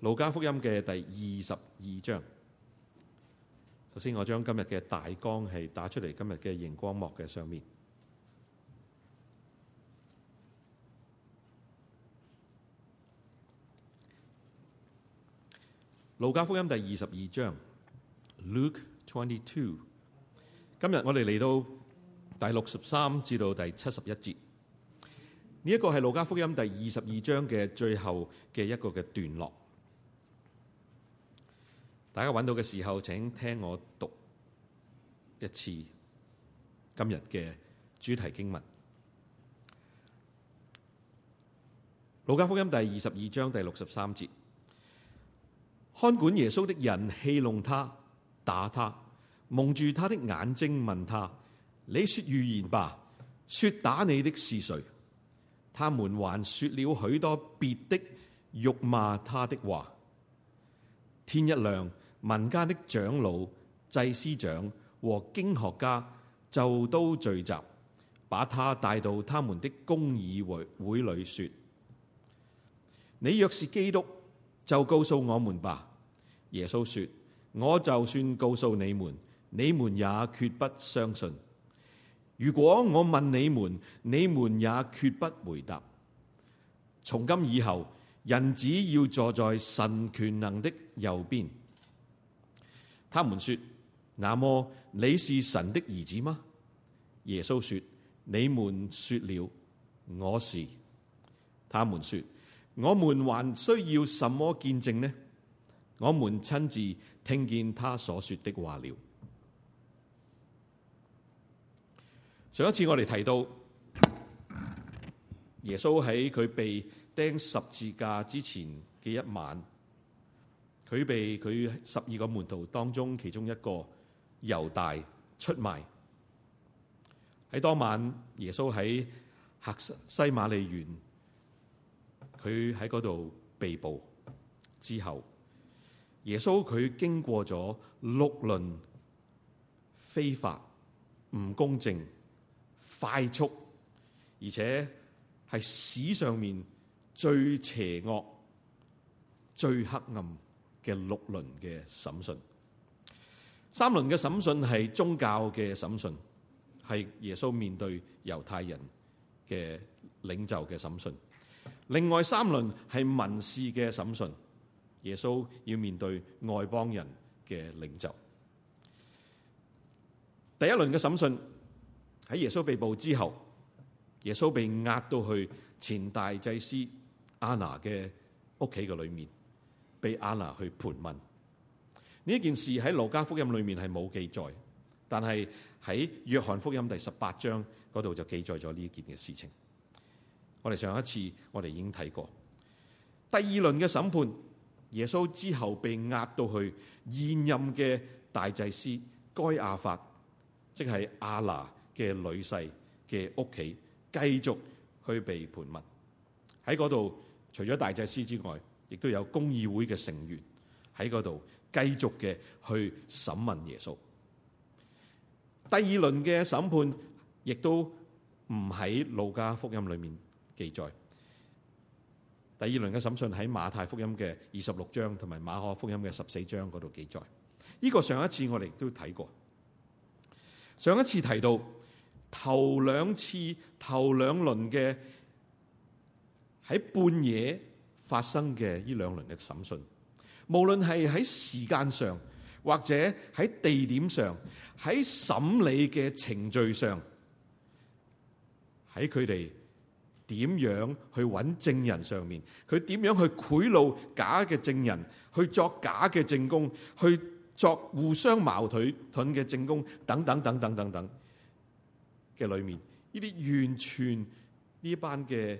路加福音嘅第二十二章，首先我將今日嘅大綱係打出嚟，今日嘅熒光幕嘅上面。路加福音第二十二章，Luke twenty two。今日我哋嚟到第六十三至到第七十一節，呢、這、一個係路加福音第二十二章嘅最後嘅一個嘅段落。大家揾到嘅時候，請聽我讀一次今日嘅主題經文《路加福音》第二十二章第六十三節。看管耶穌的人戲弄他、打他，蒙住他的眼睛，問他：你說預言吧，說打你的是誰？他們還說了許多別的辱罵他的話。天一亮。民間的長老、祭司長和經學家就都聚集，把他帶到他們的公議會會裏說：你若是基督，就告訴我們吧。耶穌說：我就算告訴你們，你們也決不相信；如果我問你們，你們也決不回答。從今以後，人子要坐在神權能的右邊。他們說：那麼你是神的兒子嗎？耶穌說：你們說了，我是。他們說：我們還需要什麼見證呢？我們親自聽見他所說的話了。上一次我哋提到，耶穌喺佢被釘十字架之前嘅一晚。佢被佢十二個門徒當中其中一個猶大出賣。喺當晚耶穌喺客西馬利園，佢喺嗰度被捕之後，耶穌佢經過咗六輪非法、唔公正、快速，而且係史上面最邪惡、最黑暗，嘅六輪嘅審訊，三輪嘅審訊係宗教嘅審訊，係耶穌面對猶太人嘅領袖嘅審訊；另外三輪係民事嘅審訊，耶穌要面對外邦人嘅領袖。第一輪嘅審訊喺耶穌被捕之後，耶穌被押到去前大祭司阿娜嘅屋企嘅裏面。被亞拿去盤問呢件事喺路加福音裏面係冇記載，但係喺約翰福音第十八章嗰度就記載咗呢件嘅事情。我哋上一次我哋已經睇過第二輪嘅審判，耶穌之後被押到去現任嘅大祭司該亞法，即係亞拿嘅女婿嘅屋企，繼續去被盤問。喺嗰度除咗大祭司之外，亦都有公議會嘅成員喺嗰度繼續嘅去審問耶穌。第二輪嘅審判亦都唔喺路加福音裏面記載。第二輪嘅審訊喺馬太福音嘅二十六章同埋馬可福音嘅十四章嗰度記載。呢個上一次我哋都睇過。上一次提到頭兩次，頭兩輪嘅喺半夜，發生嘅呢兩輪嘅審訊，無論係喺時間上，或者喺地點上，喺審理嘅程序上，喺佢哋點樣去揾證人上面，佢點樣去賄賂假嘅證人，去作假嘅證供，去作互相矛盾盾嘅證供，等等等等等等嘅裏面，呢啲完全呢班嘅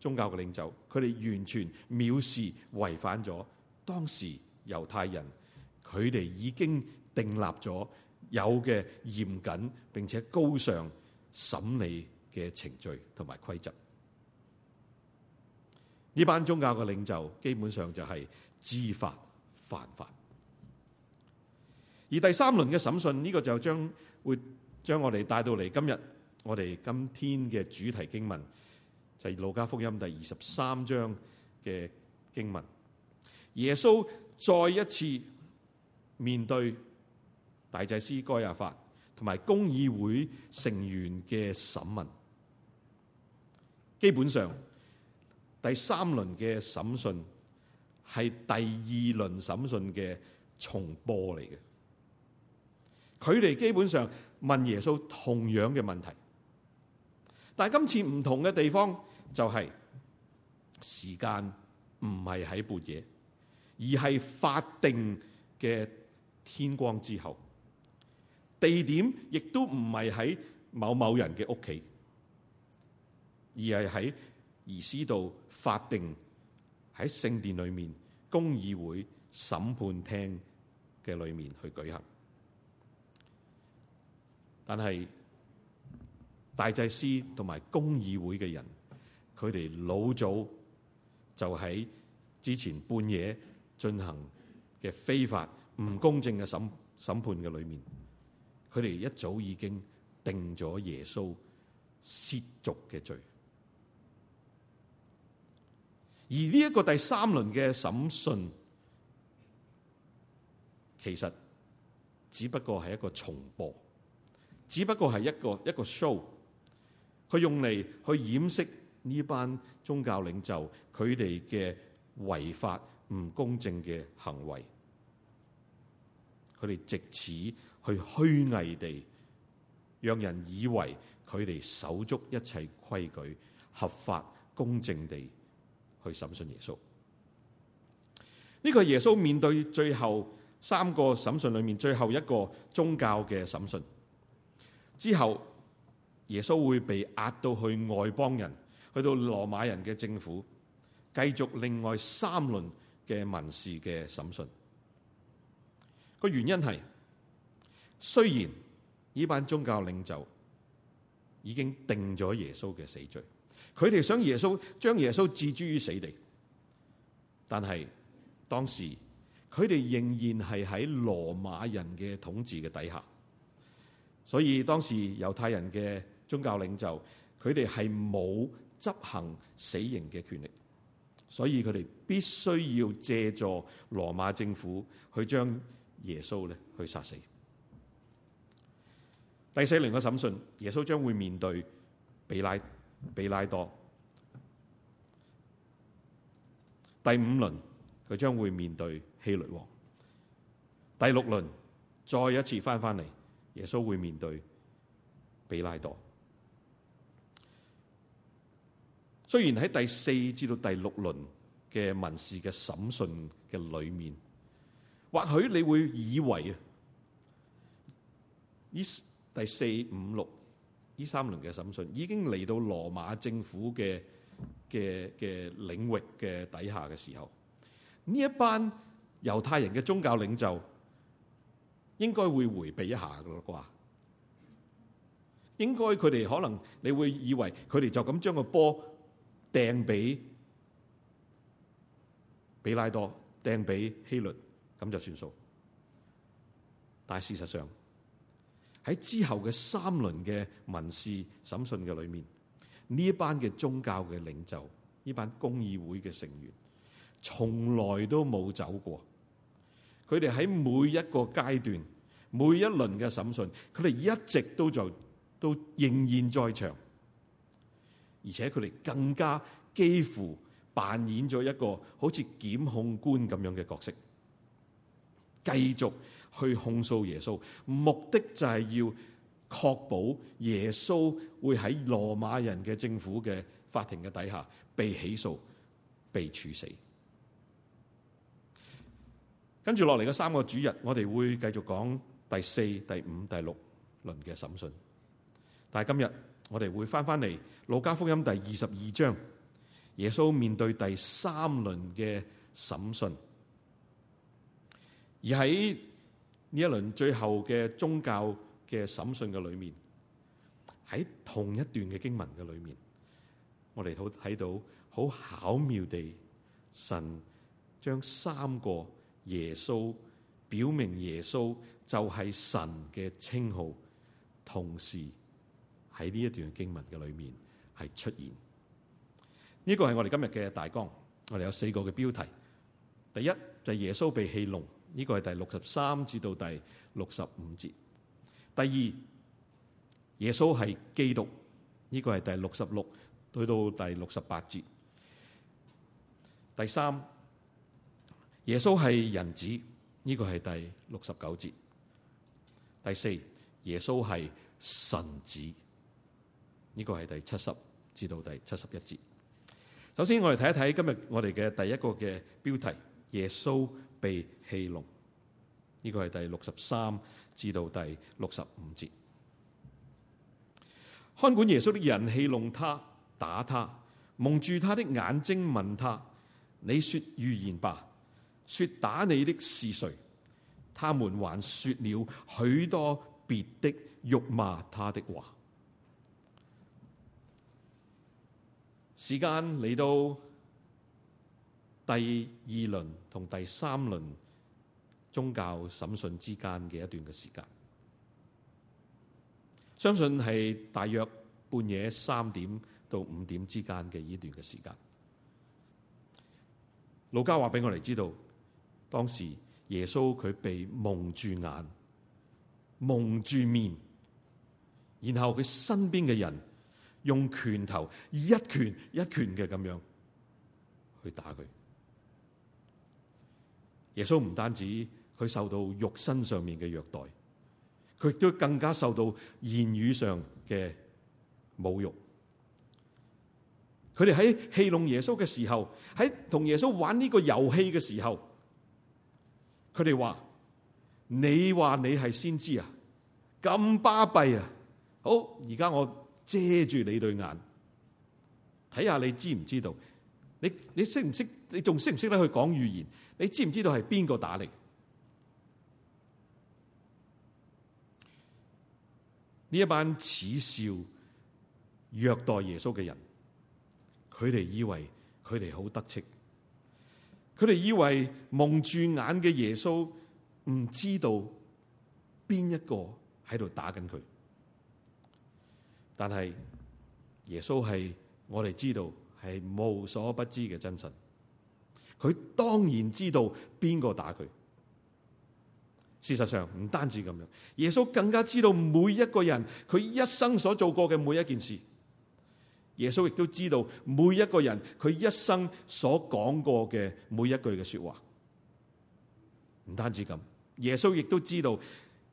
宗教嘅領袖，佢哋完全藐視、違反咗當時猶太人佢哋已經訂立咗有嘅嚴謹並且高尚審理嘅程序同埋規則。呢班宗教嘅領袖基本上就係知法犯法。而第三輪嘅審訊呢、這個就將會將我哋帶到嚟今日我哋今天嘅主題經文。就係《路加福音》第二十三章嘅經文，耶穌再一次面對大祭司該亞法同埋公議會成員嘅審問，基本上第三輪嘅審訊係第二輪審訊嘅重播嚟嘅，佢哋基本上問耶穌同樣嘅問題，但係今次唔同嘅地方。就係、是、時間唔係喺半夜，而係法定嘅天光之後；地點亦都唔係喺某某人嘅屋企，而係喺儀式度法定喺聖殿裏面公議會審判廳嘅裏面去舉行。但係大祭司同埋公議會嘅人。佢哋老早就喺之前半夜進行嘅非法唔公正嘅審審判嘅裏面，佢哋一早已經定咗耶穌褻瀆嘅罪，而呢一個第三輪嘅審訊，其實只不過係一個重播，只不過係一個一個 show，佢用嚟去掩飾。呢班宗教領袖，佢哋嘅違法唔公正嘅行為，佢哋借此去虛偽地，讓人以為佢哋守足一切規矩、合法、公正地去審訊耶穌。呢、這個係耶穌面對最後三個審訊裏面最後一個宗教嘅審訊之後，耶穌會被押到去外邦人。去到羅馬人嘅政府，繼續另外三輪嘅民事嘅審訊。個原因係，雖然呢班宗教領袖已經定咗耶穌嘅死罪，佢哋想耶穌將耶穌置諸於死地，但係當時佢哋仍然係喺羅馬人嘅統治嘅底下，所以當時猶太人嘅宗教領袖，佢哋係冇執行死刑嘅權力，所以佢哋必須要借助羅馬政府去將耶穌咧去殺死。第四輪嘅審訊，耶穌將會面對比拉比拉多。第五輪佢將會面對希律王。第六輪再一次翻翻嚟，耶穌會面對比拉多。雖然喺第四至到第六輪嘅民事嘅審訊嘅裏面，或許你會以為啊，呢第四五六呢三輪嘅審訊已經嚟到羅馬政府嘅嘅嘅領域嘅底下嘅時候，呢一班猶太人嘅宗教領袖應該會回避一下噶啦啩，應該佢哋可能你會以為佢哋就咁將個波，掟俾比拉多，掟俾希律，咁就算數。但係事實上，喺之後嘅三輪嘅民事審訊嘅裏面，呢一班嘅宗教嘅領袖，呢班公議會嘅成員，從來都冇走過。佢哋喺每一個階段、每一輪嘅審訊，佢哋一直都在，都仍然在場。而且佢哋更加幾乎扮演咗一個好似檢控官咁樣嘅角色，繼續去控訴耶穌，目的就係要確保耶穌會喺羅馬人嘅政府嘅法庭嘅底下被起訴、被處死。跟住落嚟嘅三個主日，我哋會繼續講第四、第五、第六輪嘅審訊，但係今日。我哋會翻翻嚟《路加福音》第二十二章，耶穌面對第三輪嘅審訊，而喺呢一輪最後嘅宗教嘅審訊嘅裏面，喺同一段嘅經文嘅裏面，我哋都睇到好巧妙地，神將三個耶穌表明耶穌就係神嘅稱號，同時。喺呢一段經文嘅裏面係出現的，呢、這個係我哋今日嘅大綱。我哋有四個嘅標題：第一就係、是、耶穌被戲弄，呢、這個係第六十三至到第六十五節；第二耶穌係基督，呢、這個係第六十六去到第六十八節；第三耶穌係人子，呢、這個係第六十九節；第四耶穌係神子。呢個係第七十至到第七十一節。首先，我哋睇一睇今日我哋嘅第一個嘅標題：耶穌被戲弄。呢、這個係第六十三至到第六十五節。看管耶穌的人戲弄他，打他，蒙住他的眼睛，問他：你說預言吧，說打你的是誰？他們還說了許多別的辱罵他的話。時間嚟到第二輪同第三輪宗教審訊之間嘅一段嘅時間，相信係大約半夜三點到五點之間嘅呢段嘅時間。路加話俾我哋知道，當時耶穌佢被蒙住眼、蒙住面，然後佢身邊嘅人。用拳頭一拳一拳嘅咁樣去打佢。耶穌唔單止佢受到肉身上面嘅虐待，佢亦都更加受到言語上嘅侮辱。佢哋喺戲弄耶穌嘅時候，喺同耶穌玩呢個遊戲嘅時候，佢哋話：你話你係先知啊，咁巴閉啊！好，而家我。遮住你對眼，睇下你知唔知道？你你識唔識？你仲識唔識得去講預言？你知唔知道係邊個打你？呢一班恥笑、虐待耶穌嘅人，佢哋以為佢哋好得戚，佢哋以為蒙住眼嘅耶穌唔知道邊一個喺度打緊佢。但係耶穌係我哋知道係無所不知嘅真神，佢當然知道邊個打佢。事實上唔單止咁樣，耶穌更加知道每一個人佢一生所做過嘅每一件事。耶穌亦都知道每一個人佢一生所講過嘅每一句嘅說話。唔單止咁，耶穌亦都知道，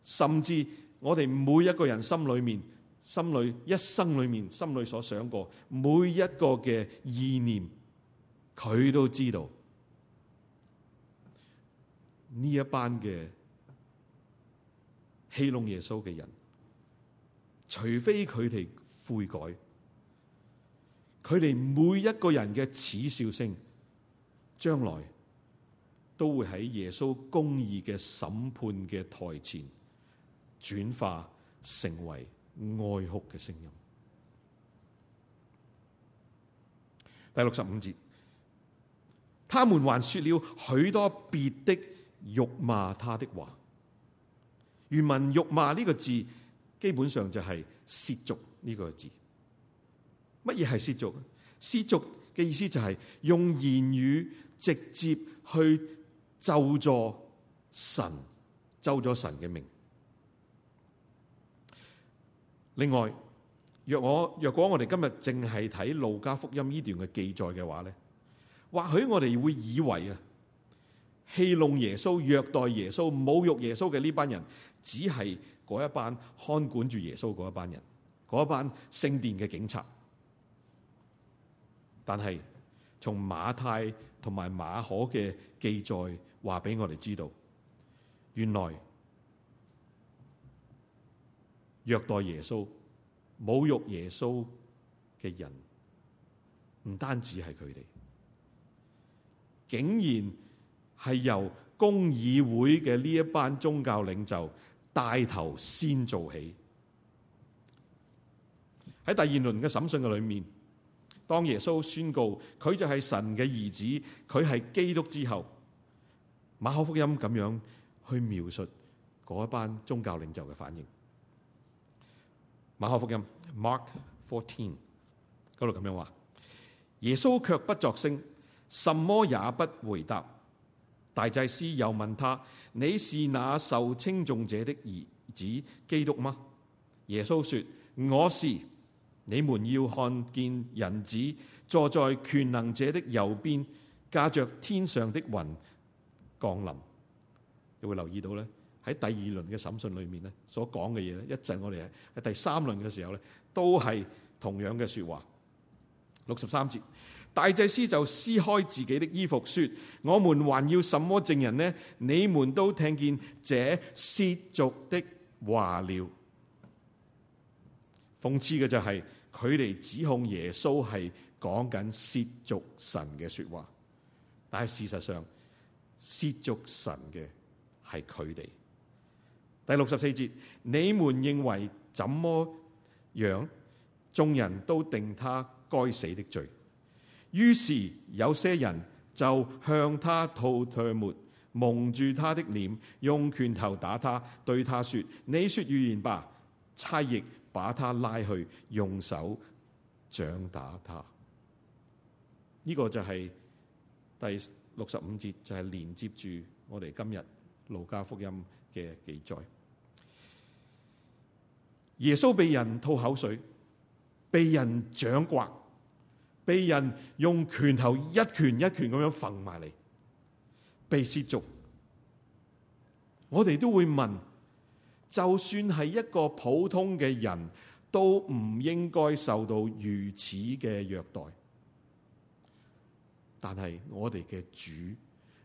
甚至我哋每一個人心裏面。心裏一生裏面，心裏所想過每一個嘅意念，佢都知道。呢一班嘅戲弄耶穌嘅人，除非佢哋悔改，佢哋每一個人嘅恥笑聲，將來都會喺耶穌公義嘅審判嘅台前轉化成為。哀哭嘅聲音。第六十五節，他們還說了許多別的辱罵他的話。原文辱罵呢個字，基本上就係褻瀆呢個字。乜嘢係褻瀆？褻瀆嘅意思就係用言語直接去咒詛神，咒詛神嘅命。另外，若我若果我哋今日淨係睇路加福音呢段嘅記載嘅話咧，或許我哋會以為啊，戲弄耶穌、虐待耶穌、侮辱耶穌嘅呢班人，只係嗰一班看管住耶穌嗰一班人，嗰一班聖殿嘅警察。但係從馬太同埋馬可嘅記載，話俾我哋知道，原來。虐待耶穌、侮辱耶穌嘅人，唔單止係佢哋，竟然係由公議會嘅呢一班宗教領袖帶頭先做起。喺第二輪嘅審訊嘅裏面，當耶穌宣告佢就係神嘅兒子，佢係基督之後，馬可福音咁樣去描述嗰一班宗教領袖嘅反應。馬可福音 Mark 14嗰度咁樣話，耶穌卻不作聲，什麼也不回答。大祭司又問他：你是那受稱頌者的兒子，基督嗎？耶穌說：我是。你們要看見人子坐在權能者的右邊，駕着天上的雲降臨。你會留意到呢。喺第二輪嘅審訊裏面咧，所講嘅嘢咧，一陣我哋喺第三輪嘅時候咧，都係同樣嘅說話。六十三節，大祭司就撕開自己的衣服，說：我們還要什麼證人呢？你們都聽見這褻瀆的話了。諷刺嘅就係佢哋指控耶穌係講緊褻瀆神嘅說話，但係事實上褻瀆神嘅係佢哋。第六十四節，你們認為怎麼樣？眾人都定他該死的罪。於是有些人就向他吐唾沫，蒙住他的臉，用拳頭打他，對他說：你說預言吧！差役把他拉去，用手掌打他。呢、這個就係第六十五節，就係、是、連接住我哋今日路加福音嘅記載。耶穌被人吐口水，被人掌摑，被人用拳頭一拳一拳咁樣揈埋嚟，被褻瀆。我哋都會問：就算係一個普通嘅人，都唔應該受到如此嘅虐待。但係我哋嘅主，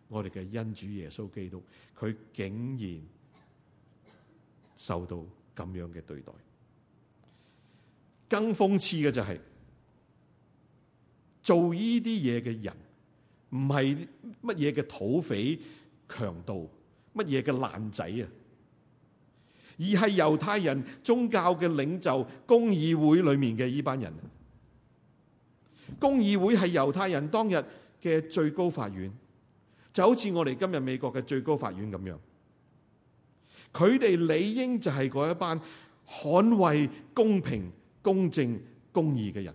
我哋嘅恩主耶穌基督，佢竟然受到，咁樣嘅對待，更諷刺嘅就係做呢啲嘢嘅人，唔係乜嘢嘅土匪、強盜、乜嘢嘅爛仔啊，而係猶太人宗教嘅領袖公議會裏面嘅呢班人。公議會係猶太人當日嘅最高法院，就好似我哋今日美國嘅最高法院咁樣。佢哋理應就係嗰一班捍衛公平、公正、公義嘅人，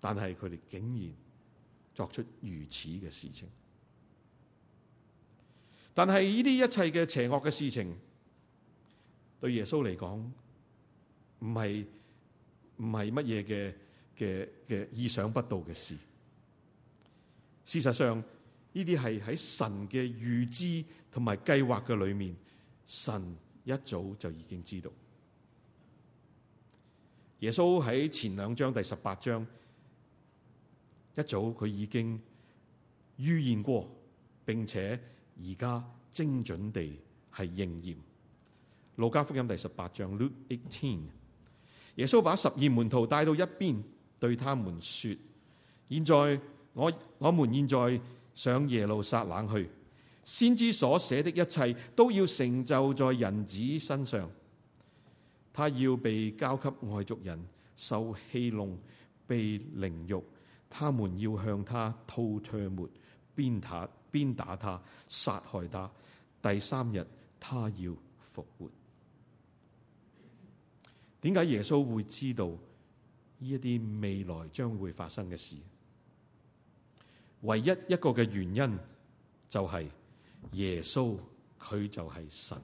但係佢哋竟然作出如此嘅事情。但係呢啲一切嘅邪惡嘅事情，對耶穌嚟講，唔係唔係乜嘢嘅嘅嘅意想不到嘅事。事實上，呢啲係喺神嘅預知同埋計劃嘅裏面。神一早就已經知道，耶穌喺前兩章第十八章，一早佢已經預言過，並且而家精準地係應驗。路加福音第十八章 （Luke 18），耶穌把十二門徒帶到一邊，對他們說：「現在我我們現在上耶路撒冷去。先知所寫的一切都要成就在人子身上，他要被交給外族人受戲弄、被凌辱，他們要向他吐唾沫、鞭打、鞭打他、殺害他。第三日，他要復活。點解耶穌會知道呢一啲未來將會發生嘅事？唯一一個嘅原因就係、是。耶穌佢就係神，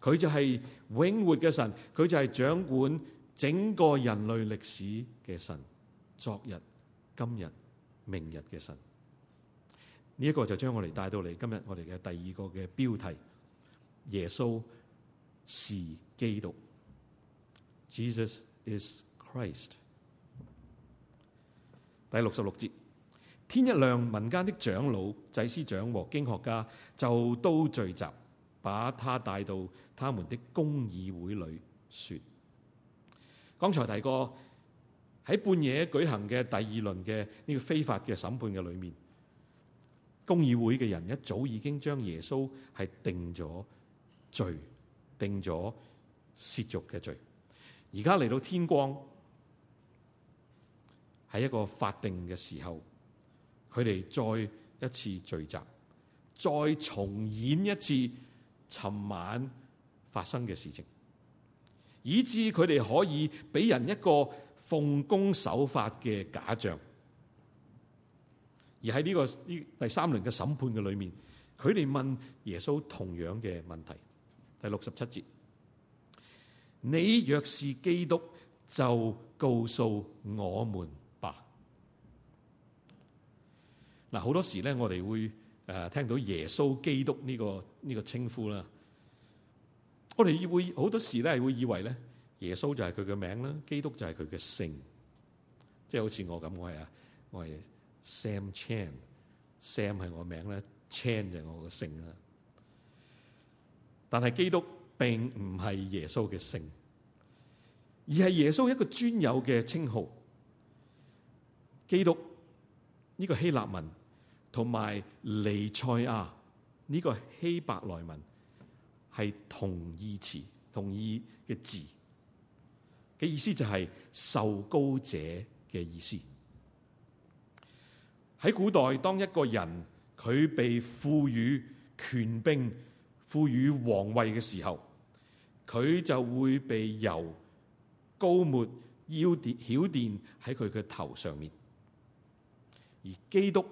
佢就係永活嘅神，佢就係掌管整個人類歷史嘅神，昨日、今日、明日嘅神。呢、這、一個就將我哋帶到嚟今日我哋嘅第二個嘅標題：耶穌是基督 （Jesus is Christ）。第六十六節。天一亮，民間的長老、祭司長和經學家就都聚集，把他帶到他們的公議會裏說。剛才提過喺半夜舉行嘅第二輪嘅呢個非法嘅審判嘅裏面，公議會嘅人一早已經將耶穌係定咗罪，定咗褻瀆嘅罪。而家嚟到天光，喺一個法定嘅時候。佢哋再一次聚集，再重演一次尋晚發生嘅事情，以致佢哋可以俾人一個奉公守法嘅假象。而喺呢個呢第三輪嘅審判嘅裏面，佢哋問耶穌同樣嘅問題，第六十七節，你若是基督，就告訴我們。嗱，好多時咧，我哋會誒聽到耶穌基督呢個呢個稱呼啦。我哋會好多時咧，會以為咧，耶穌就係佢嘅名啦，基督就係佢嘅姓，即係好似我咁，我係啊，Chan 我係 Sam Chan，Sam 係我名咧，Chan 就係我嘅姓啦。但係基督並唔係耶穌嘅姓，而係耶穌一個專有嘅稱號。基督呢個希臘文。同埋彌賽亞呢、這個希伯來文係同義詞，同義嘅字嘅意思就係受膏者嘅意思。喺古代，當一個人佢被賦予權柄、賦予皇位嘅時候，佢就會被由高末腰電、曉電喺佢嘅頭上面，而基督。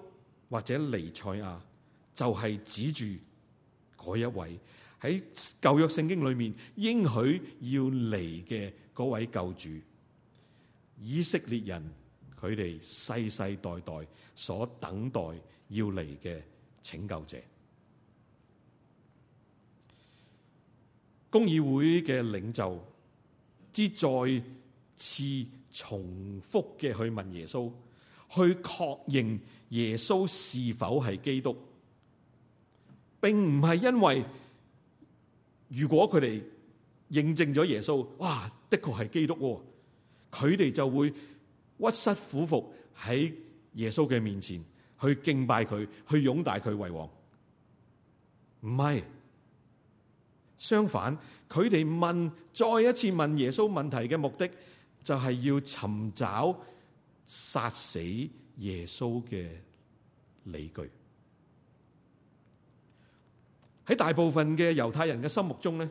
或者尼賽亞就係、是，指住嗰一位喺舊約聖經裏面應許要嚟嘅嗰位救主，以色列人佢哋世世代代所等待要嚟嘅拯救者，公議會嘅領袖之再次重複嘅去問耶穌。去確認耶穌是否係基督，並唔係因為如果佢哋認證咗耶穌，哇，的確係基督，哦，佢哋就會屈膝俯伏喺耶穌嘅面前去敬拜佢，去擁戴佢為王。唔係，相反，佢哋問再一次問耶穌問題嘅目的，就係要尋找。殺死耶穌嘅理據，喺大部分嘅猶太人嘅心目中咧，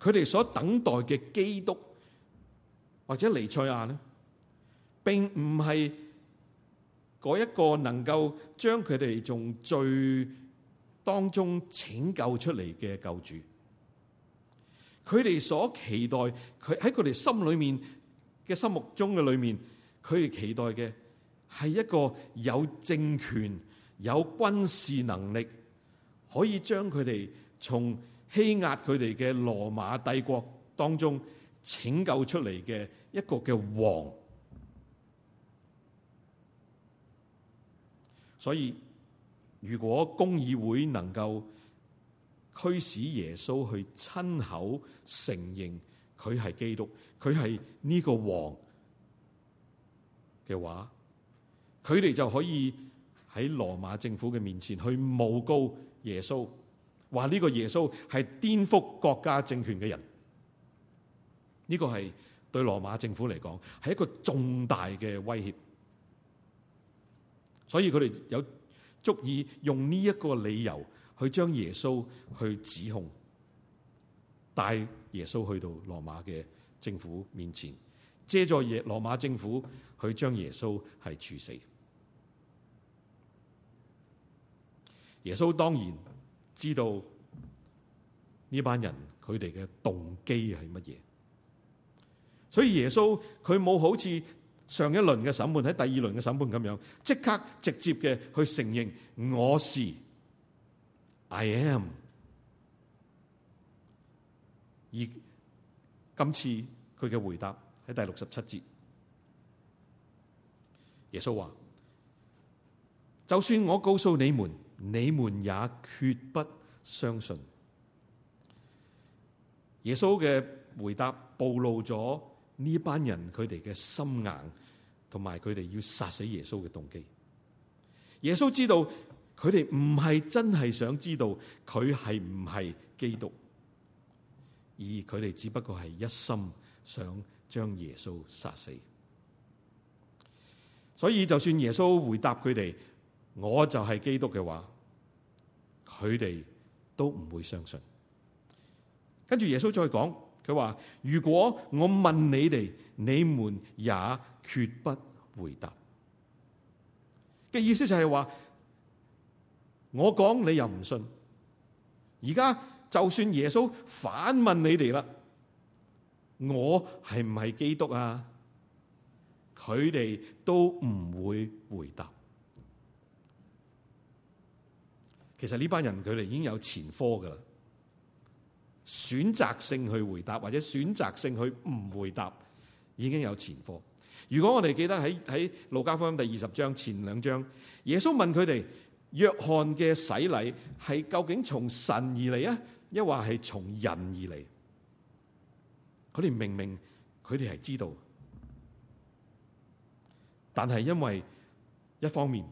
佢哋所等待嘅基督或者彌賽亞咧，並唔係嗰一個能夠將佢哋從罪當中拯救出嚟嘅救主。佢哋所期待佢喺佢哋心裏面嘅心目中嘅裏面。佢哋期待嘅係一個有政權、有軍事能力，可以將佢哋從欺壓佢哋嘅羅馬帝國當中拯救出嚟嘅一個嘅王。所以，如果公議會能夠驅使耶穌去親口承認佢係基督，佢係呢個王，嘅話，佢哋就可以喺羅馬政府嘅面前去誣告耶穌，話呢個耶穌係顛覆國家政權嘅人，呢個係對羅馬政府嚟講係一個重大嘅威脅，所以佢哋有足以用呢一個理由去將耶穌去指控，帶耶穌去到羅馬嘅政府面前。藉助耶羅馬政府去將耶穌係處死。耶穌當然知道呢班人佢哋嘅動機係乜嘢，所以耶穌佢冇好似上一輪嘅審判、喺第二輪嘅審判咁樣即刻直接嘅去承認我是 I am。而今次佢嘅回答，喺第六十七節，耶穌話：就算我告訴你們，你們也決不相信。耶穌嘅回答暴露咗呢班人佢哋嘅心硬，同埋佢哋要殺死耶穌嘅動機。耶穌知道佢哋唔係真係想知道佢係唔係基督，而佢哋只不過係一心想將耶穌殺死，所以就算耶穌回答佢哋，我就係基督嘅話，佢哋都唔會相信。跟住耶穌再講，佢話：如果我問你哋，你們也決不回答嘅意思就係話，我講你又唔信。而家就算耶穌反問你哋啦。我係唔係基督啊？佢哋都唔會回答。其實呢班人佢哋已經有前科噶啦，選擇性去回答或者選擇性去唔回答，已經有前科。如果我哋記得喺喺路加福音第二十章前兩章，耶穌問佢哋：約翰嘅洗禮係究竟從神而嚟啊，抑或係從人而嚟？佢哋明明，佢哋係知道，但係因為一方面，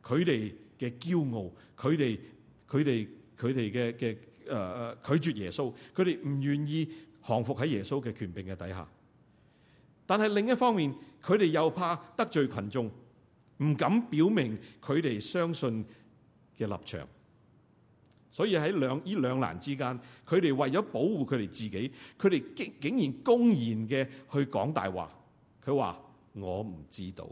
佢哋嘅驕傲，佢哋佢哋佢哋嘅嘅誒誒，拒絕耶穌，佢哋唔願意降服喺耶穌嘅權柄嘅底下。但係另一方面，佢哋又怕得罪群眾，唔敢表明佢哋相信嘅立場。所以喺兩依兩難之間，佢哋為咗保護佢哋自己，佢哋竟然公然嘅去講大話。佢話我唔知道。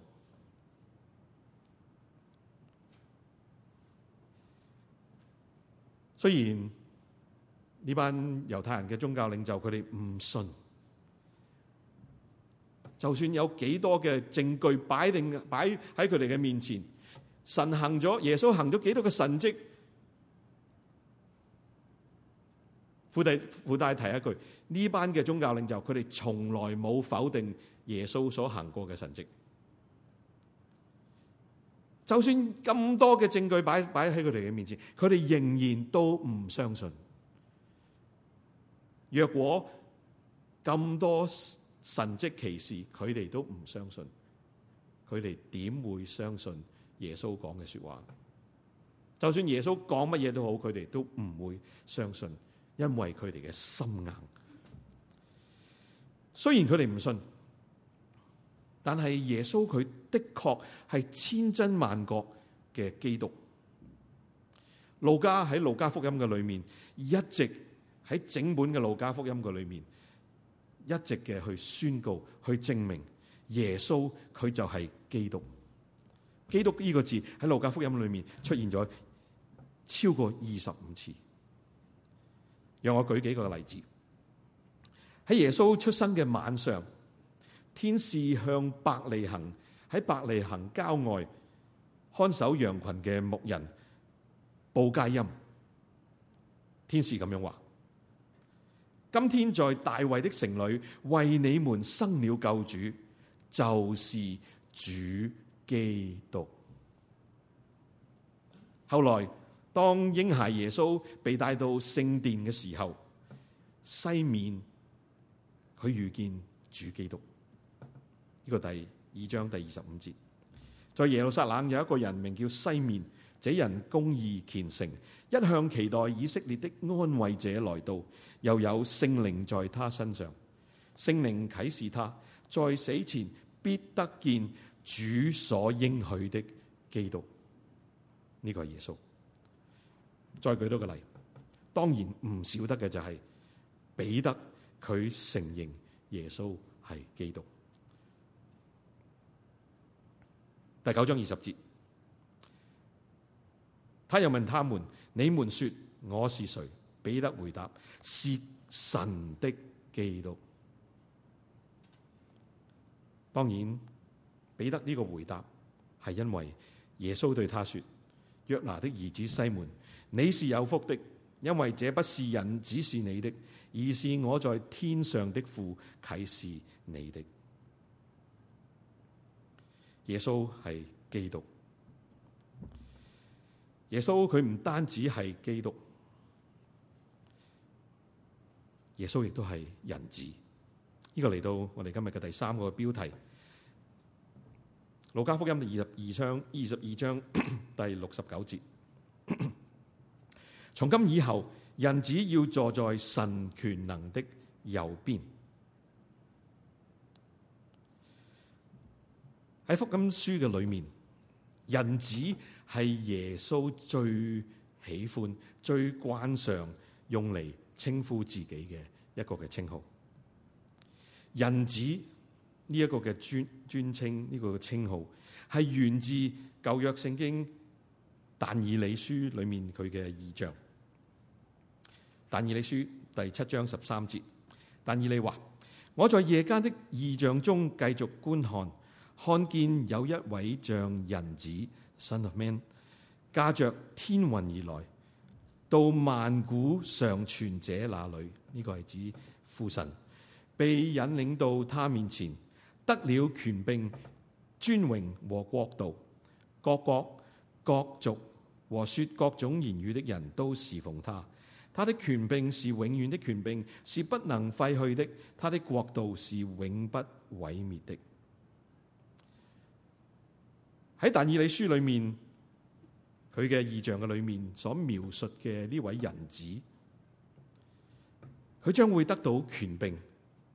雖然呢班猶太人嘅宗教領袖，佢哋唔信，就算有幾多嘅證據擺定擺喺佢哋嘅面前，神行咗耶穌行咗幾多嘅神蹟。附帶附帶提一句，呢班嘅宗教領袖，佢哋從來冇否定耶穌所行過嘅神蹟，就算咁多嘅證據擺擺喺佢哋嘅面前，佢哋仍然都唔相信。若果咁多神蹟奇事，佢哋都唔相信，佢哋點會相信耶穌講嘅說話？就算耶穌講乜嘢都好，佢哋都唔會相信。因為佢哋嘅心硬，雖然佢哋唔信，但係耶穌佢的確係千真萬確嘅基督。路加喺路加福音嘅裏面，一直喺整本嘅路加福音嘅裏面，一直嘅去宣告、去證明耶穌佢就係基督。基督呢個字喺路加福音裏面出現咗超過二十五次。讓我舉幾個例子。喺耶穌出生嘅晚上，天使向伯利恒喺伯利恒郊外看守羊群嘅牧人報佳音。天使咁樣話：今天在大衛的城裏為你們生了救主，就是主基督。後來。當嬰孩耶穌被帶到聖殿嘅時候，西面佢遇見主基督。呢、這個第二章第二十五節，在耶路撒冷有一個人名叫西面，這人公義虔誠，一向期待以色列的安慰者來到，又有聖靈在他身上，聖靈啟示他，在死前必得見主所應許的基督。呢、這個係耶穌。再舉多個例，當然唔少得嘅就係彼得佢承認耶穌係基督。第九章二十節，他又問他們：你們說我是誰？彼得回答：是神的基督。當然，彼得呢個回答係因為耶穌對他說：約拿的兒子西門。你是有福的，因為這不是人指示你的，而是我在天上的父啟示你的。耶穌係基督，耶穌佢唔單止係基督，耶穌亦都係人子。呢、這個嚟到我哋今日嘅第三個標題，《路加福音》二十二章二十二章第六十九節。從今以後，人子要坐在神權能的右邊。喺福音書嘅裏面，人子係耶穌最喜歡、最慣常用嚟稱呼自己嘅一個嘅稱號。人子呢一、這個嘅尊專稱呢、這個嘅稱號，係源自舊約聖經但以理書裏面佢嘅異象。但以理書第七章十三節，但以理話：我在夜間的異象中繼續觀看，看見有一位像人子 （son of man） 駕着天雲而來，到萬古常存者那裏。呢、這個係指父神，被引領到他面前，得了權柄、尊榮和國度，各國、各族和說各種言語的人都侍奉他。他的權柄是永遠的權柄，是不能廢去的；他的國度是永不毀滅的。喺但以理書裏面，佢嘅異象嘅裏面所描述嘅呢位人子，佢將會得到權柄、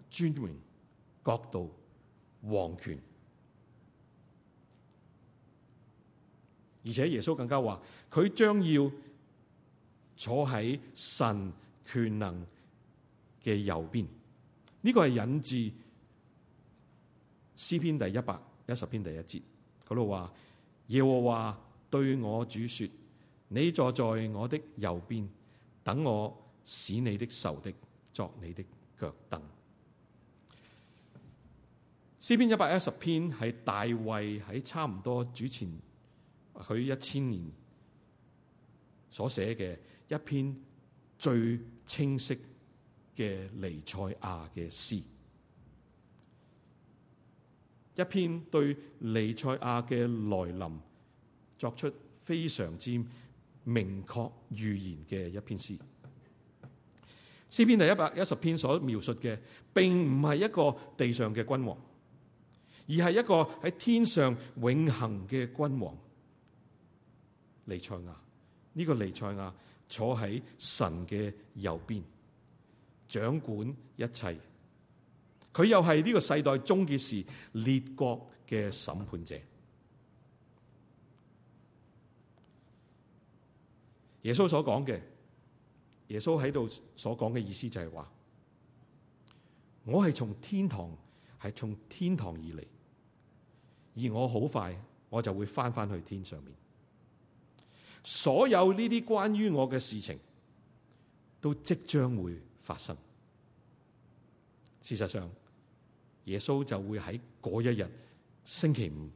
尊榮、國度、王權，而且耶穌更加話佢將要。坐喺神權能嘅右邊，呢、這個係引自詩篇第一百一十篇第一節，嗰度話：耶和華對我主說，你坐在我的右邊，等我使你的仇敵作你的腳凳。詩篇一百一十篇係大衛喺差唔多主前佢一千年所寫嘅。一篇最清晰嘅彌賽亞嘅詩，一篇對彌賽亞嘅來臨作出非常之明確預言嘅一篇詩。詩篇第一百一十篇所描述嘅，並唔係一個地上嘅君王，而係一個喺天上永恒嘅君王彌賽亞。呢個彌賽亞，坐喺神嘅右邊，掌管一切。佢又係呢個世代終結時列國嘅審判者。耶穌所講嘅，耶穌喺度所講嘅意思就係話，我係從天堂，係從天堂而嚟，而我好快我就會翻翻去天上面。所有呢啲關於我嘅事情，都即將會發生。事實上，耶穌就會喺嗰一日星期五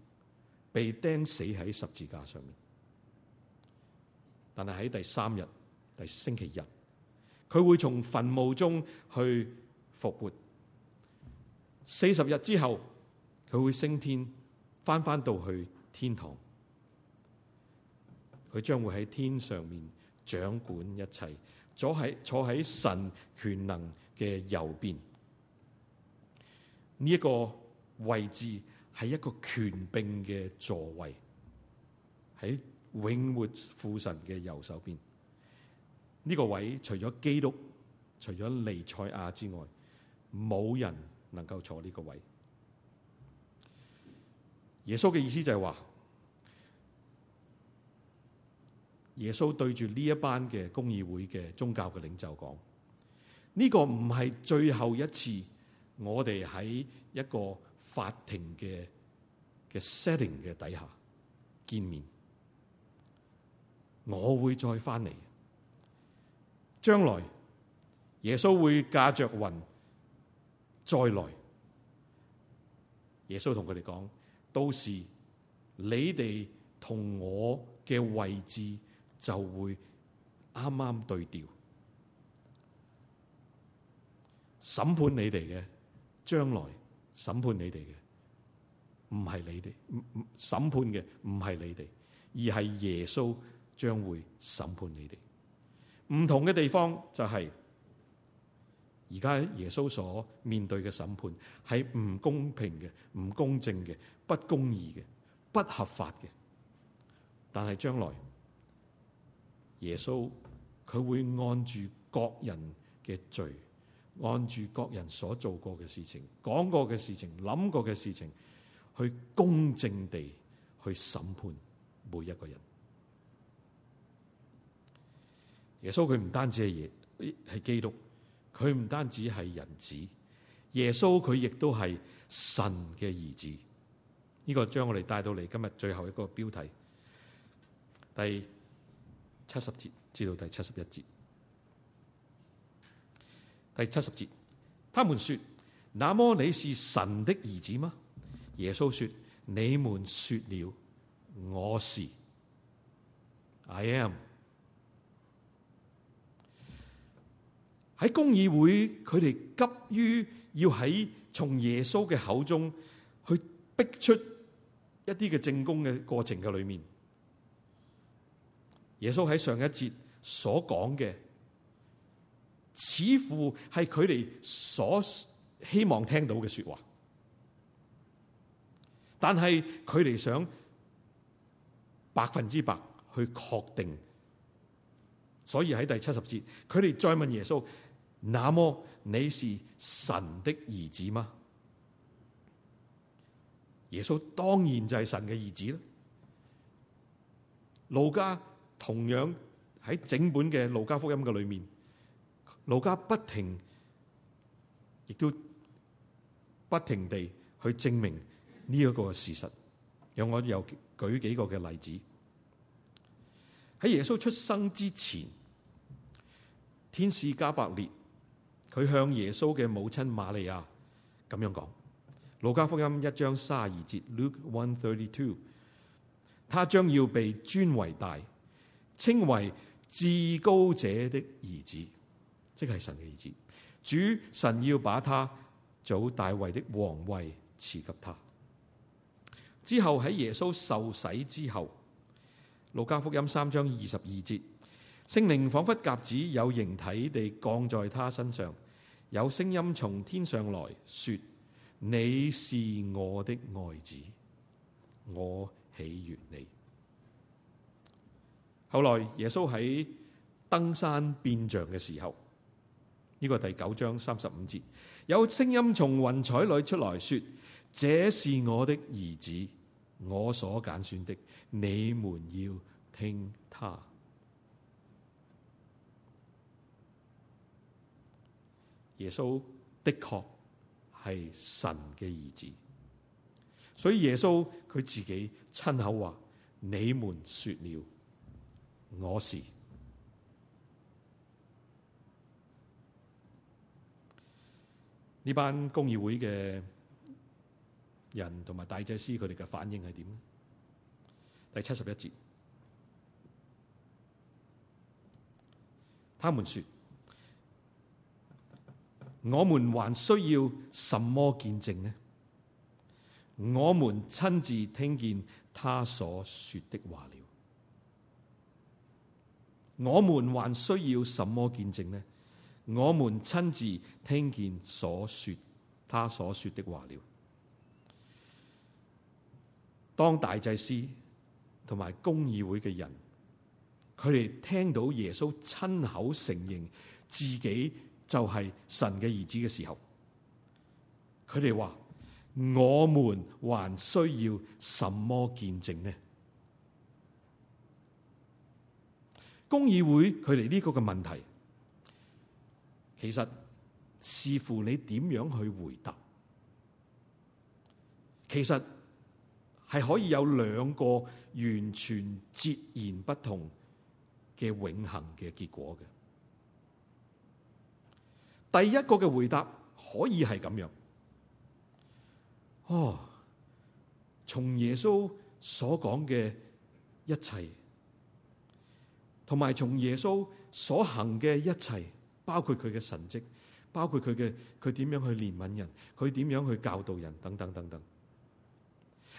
被釘死喺十字架上面。但係喺第三日，第星期日，佢會從墳墓中去復活。四十日之後，佢會升天，返返到去天堂。佢將會喺天上面掌管一切，坐喺坐喺神權能嘅右邊，呢一個位置係一個權柄嘅座位，喺永活父神嘅右手邊。呢個位除咗基督、除咗彌賽亞之外，冇人能夠坐呢個位。耶穌嘅意思就係話。耶穌對住呢一班嘅公議會嘅宗教嘅領袖講：呢個唔係最後一次我哋喺一個法庭嘅嘅 setting 嘅底下見面，我會再翻嚟。將來耶穌會駕着雲再來。耶穌同佢哋講：到時你哋同我嘅位置。就會啱啱對調審判你哋嘅，將來審判你哋嘅唔係你哋，審判嘅唔係你哋，而係耶穌將會審判你哋。唔同嘅地方就係而家耶穌所面對嘅審判係唔公平嘅、唔公正嘅、不公義嘅、不合法嘅，但係將來。耶穌佢會按住各人嘅罪，按住各人所做過嘅事情、講過嘅事情、諗過嘅事情，去公正地去審判每一個人。耶穌佢唔單止係耶，係基督，佢唔單止係人子。耶穌佢亦都係神嘅兒子。呢個將我哋帶到嚟今日最後一個標題，第。七十節至到第七十一節，第七十節，他們說：那麼你是神的兒子嗎？耶穌說：你們說了，我是。I am 喺公議會，佢哋急於要喺從耶穌嘅口中去逼出一啲嘅證供嘅過程嘅裏面。耶穌喺上一節所講嘅，似乎係佢哋所希望聽到嘅說話，但係佢哋想百分之百去確定，所以喺第七十節，佢哋再問耶穌：那麼你是神的兒子嗎？耶穌當然就係神嘅兒子啦，路加。同樣，喺整本嘅路加福音嘅裏面，路加不停亦都不停地去證明呢一個事實。讓我又舉幾個嘅例子。喺耶穌出生之前，天使加百列佢向耶穌嘅母親瑪利亞咁樣講：「路加福音》一章卅二節 l u k e one thirty two），他將要被尊為大。稱為至高者的兒子，即係神嘅兒子。主神要把他祖大衛的王位賜給他。之後喺耶穌受洗之後，路加福音三章二十二節，聖靈仿佛鴿子有形體地降在他身上，有聲音從天上來說：你是我的愛子，我喜悦你。後來耶穌喺登山變像嘅時候，呢、這個第九章三十五節有聲音從雲彩裏出來說：這是我的兒子，我所揀選的，你們要聽他。耶穌的確係神嘅兒子，所以耶穌佢自己親口話：你們說了。我是。呢班公議會嘅人同埋大祭司佢哋嘅反應係點呢？第七十一節，他們說：我們還需要什麼見證呢？我們親自聽見他所說的話了。我們還需要什麼見證呢？我們親自聽見所說，他所說的話了。當大祭司同埋公議會嘅人，佢哋聽到耶穌親口承認自己就係神嘅兒子嘅時候，佢哋話：我們還需要什麼見證呢？公議會佢哋呢個嘅問題，其實視乎你點樣去回答，其實係可以有兩個完全截然不同嘅永恆嘅結果嘅。第一個嘅回答可以係咁樣，哦，從耶穌所講嘅一切。同埋從耶穌所行嘅一切，包括佢嘅神蹟，包括佢嘅佢點樣去憐憫人，佢點樣去教導人，等等等等。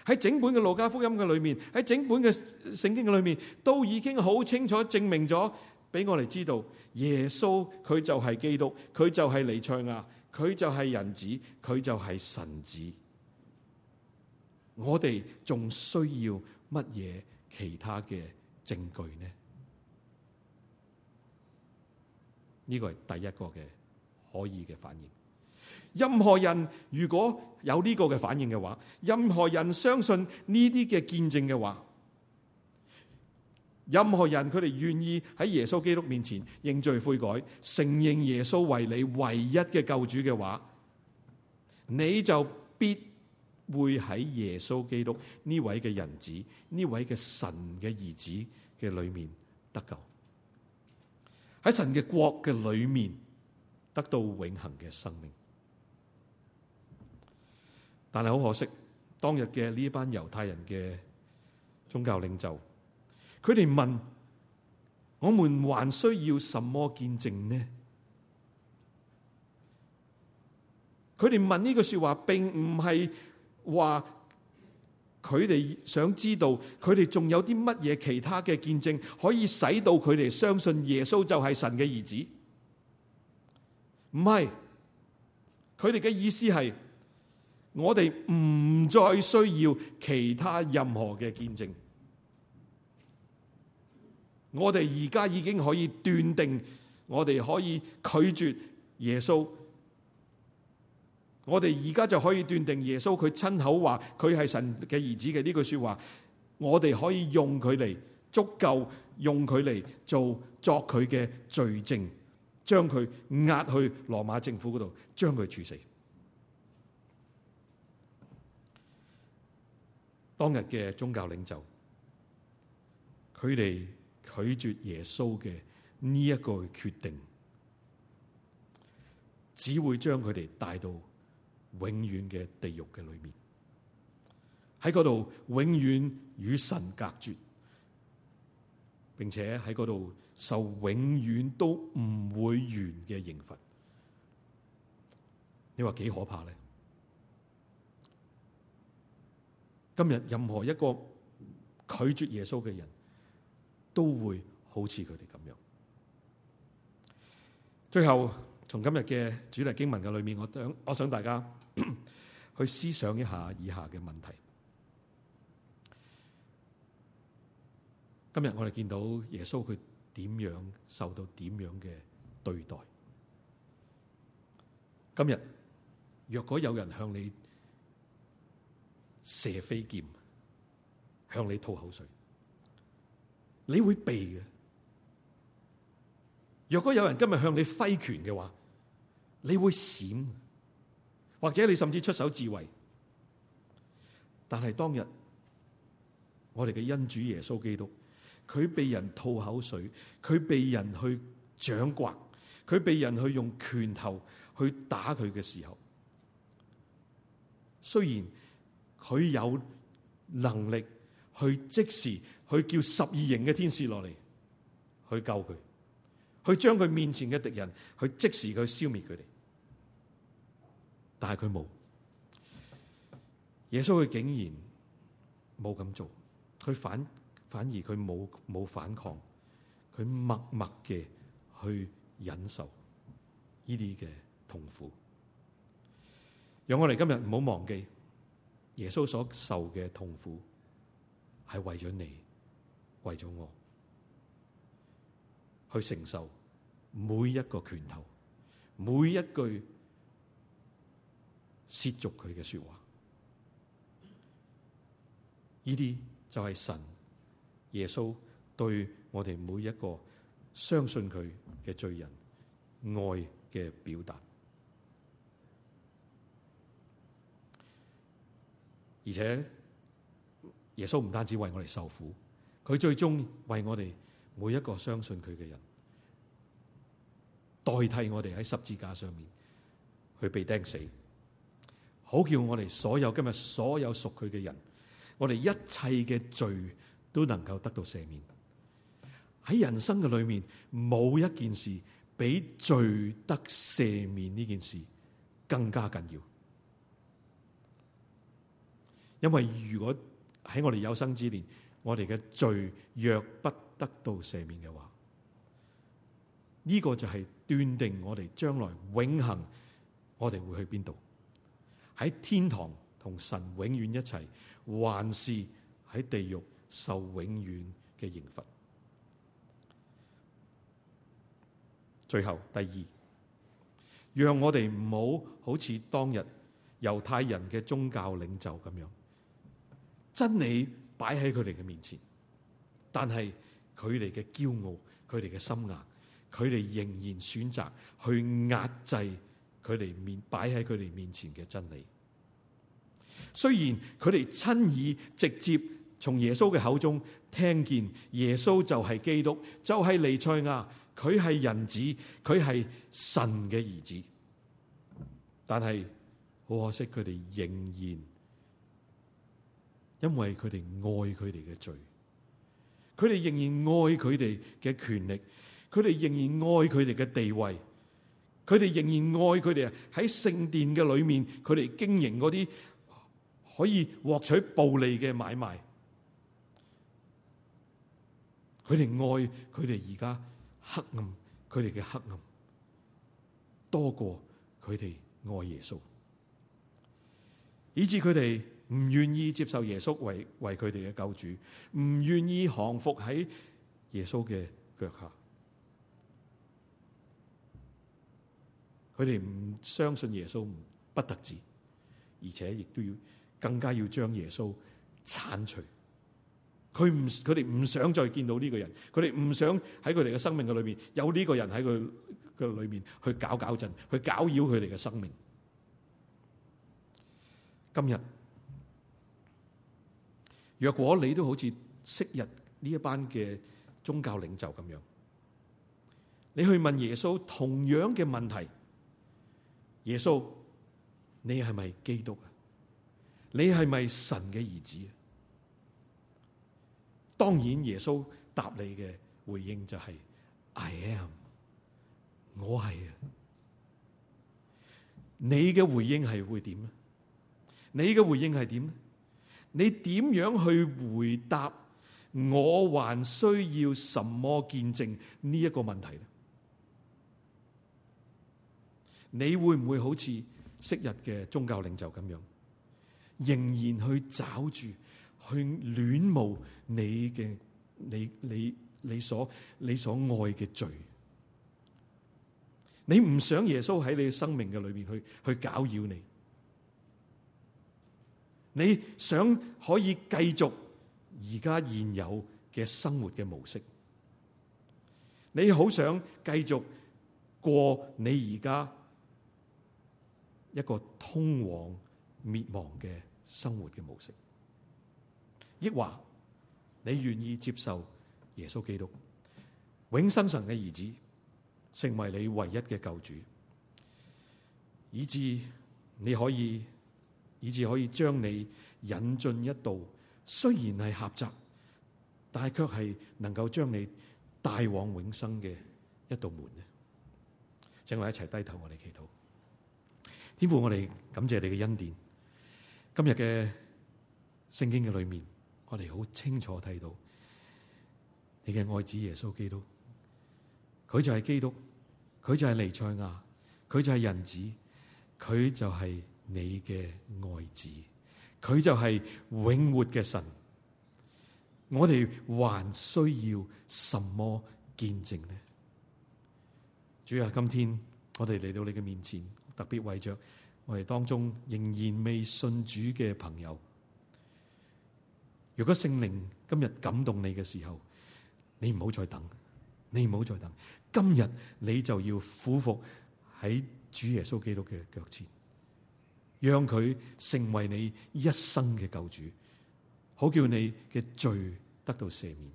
喺整本嘅路加福音嘅裏面，喺整本嘅聖經嘅裏面，都已經好清楚證明咗，俾我哋知道耶穌佢就係基督，佢就係彌賽亞，佢就係人子，佢就係神子。我哋仲需要乜嘢其他嘅證據呢？呢個係第一個嘅可以嘅反應。任何人如果有呢個嘅反應嘅話，任何人相信呢啲嘅見證嘅話，任何人佢哋願意喺耶穌基督面前認罪悔改，承認耶穌為你唯一嘅救主嘅話，你就必會喺耶穌基督呢位嘅人子，呢位嘅神嘅兒子嘅裏面得救。喺神嘅國嘅裏面得到永恒嘅生命，但係好可惜，當日嘅呢一班猶太人嘅宗教領袖，佢哋問：「我們還需要什麼見證呢？」佢哋問呢句說話，並唔係話。佢哋想知道，佢哋仲有啲乜嘢其他嘅見證可以使到佢哋相信耶穌就係神嘅兒子？唔係，佢哋嘅意思係，我哋唔再需要其他任何嘅見證，我哋而家已經可以斷定，我哋可以拒絕耶穌。我哋而家就可以斷定，耶穌佢親口話佢係神嘅兒子嘅呢句說話，我哋可以用佢嚟足夠用佢嚟做作佢嘅罪證，將佢押去羅馬政府嗰度，將佢處死。當日嘅宗教領袖，佢哋拒絕耶穌嘅呢一個決定，只會將佢哋帶到。永遠嘅地獄嘅裏面，喺嗰度永遠與神隔絕，並且喺嗰度受永遠都唔會完嘅刑罰。你話幾可怕咧？今日任何一個拒絕耶穌嘅人都會好似佢哋咁樣。最後，從今日嘅主題經文嘅裏面，我想我想大家。 去思想一下以下嘅問題。今日我哋見到耶穌佢點樣受到點樣嘅對待。今日若果有人向你射飛劍，向你吐口水，你會避嘅。若果有人今日向你揮拳嘅話，你會閃。或者你甚至出手自衛，但係當日我哋嘅恩主耶穌基督，佢被人吐口水，佢被人去掌摑，佢被人去用拳頭去打佢嘅時候，雖然佢有能力去即時去叫十二營嘅天使落嚟去救佢，去將佢面前嘅敵人去即時去消滅佢哋。但係佢冇，耶穌佢竟然冇咁做，佢反反而佢冇冇反抗，佢默默嘅去忍受呢啲嘅痛苦。讓我哋今日唔好忘記，耶穌所受嘅痛苦，係為咗你，為咗我，去承受每一個拳頭，每一句褻瀆佢嘅說話，呢啲就係神耶穌對我哋每一個相信佢嘅罪人愛嘅表達。而且耶穌唔單止為我哋受苦，佢最終為我哋每一個相信佢嘅人，代替我哋喺十字架上面去被釘死。好叫我哋所有今日所有屬佢嘅人，我哋一切嘅罪都能夠得到赦免。喺人生嘅裏面，冇一件事比罪得赦免呢件事更加緊要。因為如果喺我哋有生之年，我哋嘅罪若不得到赦免嘅話，呢個就係斷定我哋將來永恒，我哋會去邊度？喺天堂同神永遠一齊，還是喺地獄受永遠嘅刑罰？最後第二，讓我哋唔好好似當日猶太人嘅宗教領袖咁樣，真理擺喺佢哋嘅面前，但係佢哋嘅驕傲、佢哋嘅心硬，佢哋仍然選擇去壓制。佢哋面擺喺佢哋面前嘅真理，雖然佢哋親耳直接從耶穌嘅口中聽見耶穌就係基督，就係、是、彌賽亞，佢係人子，佢係神嘅兒子，但係好可惜，佢哋仍然因為佢哋愛佢哋嘅罪，佢哋仍然愛佢哋嘅權力，佢哋仍然愛佢哋嘅地位。佢哋仍然愛佢哋啊，喺聖殿嘅裏面，佢哋經營嗰啲可以獲取暴利嘅買賣。佢哋愛佢哋而家黑暗，佢哋嘅黑暗多過佢哋愛耶穌，以致佢哋唔願意接受耶穌為為佢哋嘅救主，唔願意降服喺耶穌嘅腳下。佢哋唔相信耶穌，不得志，而且亦都要更加要將耶穌鏟除。佢唔佢哋唔想再見到呢個人，佢哋唔想喺佢哋嘅生命嘅裏面有呢個人喺佢嘅裏面去搞搞震，去攪擾佢哋嘅生命。今日，若果你都好似昔日呢一班嘅宗教領袖咁樣，你去問耶穌同樣嘅問題。耶穌，你係咪基督啊？你係咪神嘅兒子啊？當然，耶穌答你嘅回應就係、是、I am，我係啊。你嘅回應係會點呢？你嘅回應係點呢？你點樣去回答？我還需要什麼見證呢？一個問題你會唔會好似昔日嘅宗教領袖咁樣，仍然去抓住，去戀慕你嘅你你你所你所愛嘅罪？你唔想耶穌喺你嘅生命嘅裏邊去去攪擾你？你想可以繼續而家現有嘅生活嘅模式？你好想繼續過你而家？一個通往滅亡嘅生活嘅模式，抑或你願意接受耶穌基督永生神嘅兒子，成為你唯一嘅救主，以致你可以，以致可以將你引進一道雖然係狹窄，但係卻係能夠將你帶往永生嘅一道門呢？請我一齊低頭，我哋祈禱。天父，我哋感謝你嘅恩典。今日嘅聖經嘅裏面，我哋好清楚睇到你嘅愛子耶穌基督，佢就係基督，佢就係彌賽亞，佢就係人子，佢就係你嘅愛子，佢就係永活嘅神。我哋還需要什麼見證呢？主要啊，今天我哋嚟到你嘅面前。特別為着我哋當中仍然未信主嘅朋友，如果聖靈今日感動你嘅時候，你唔好再等，你唔好再等，今日你就要俯伏喺主耶穌基督嘅腳前，讓佢成為你一生嘅救主，好叫你嘅罪得到赦免。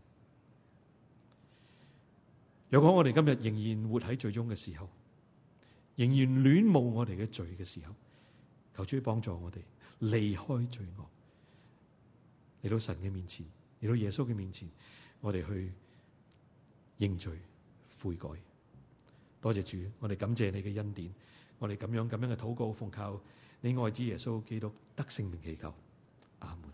若果我哋今日仍然活喺最終嘅時候，仍然戀慕我哋嘅罪嘅時候，求主幫助我哋離開罪惡，嚟到神嘅面前，嚟到耶穌嘅面前，我哋去認罪悔改。多謝主，我哋感謝你嘅恩典，我哋咁樣咁樣嘅禱告，奉靠你愛子耶穌基督得聖名祈求阿門。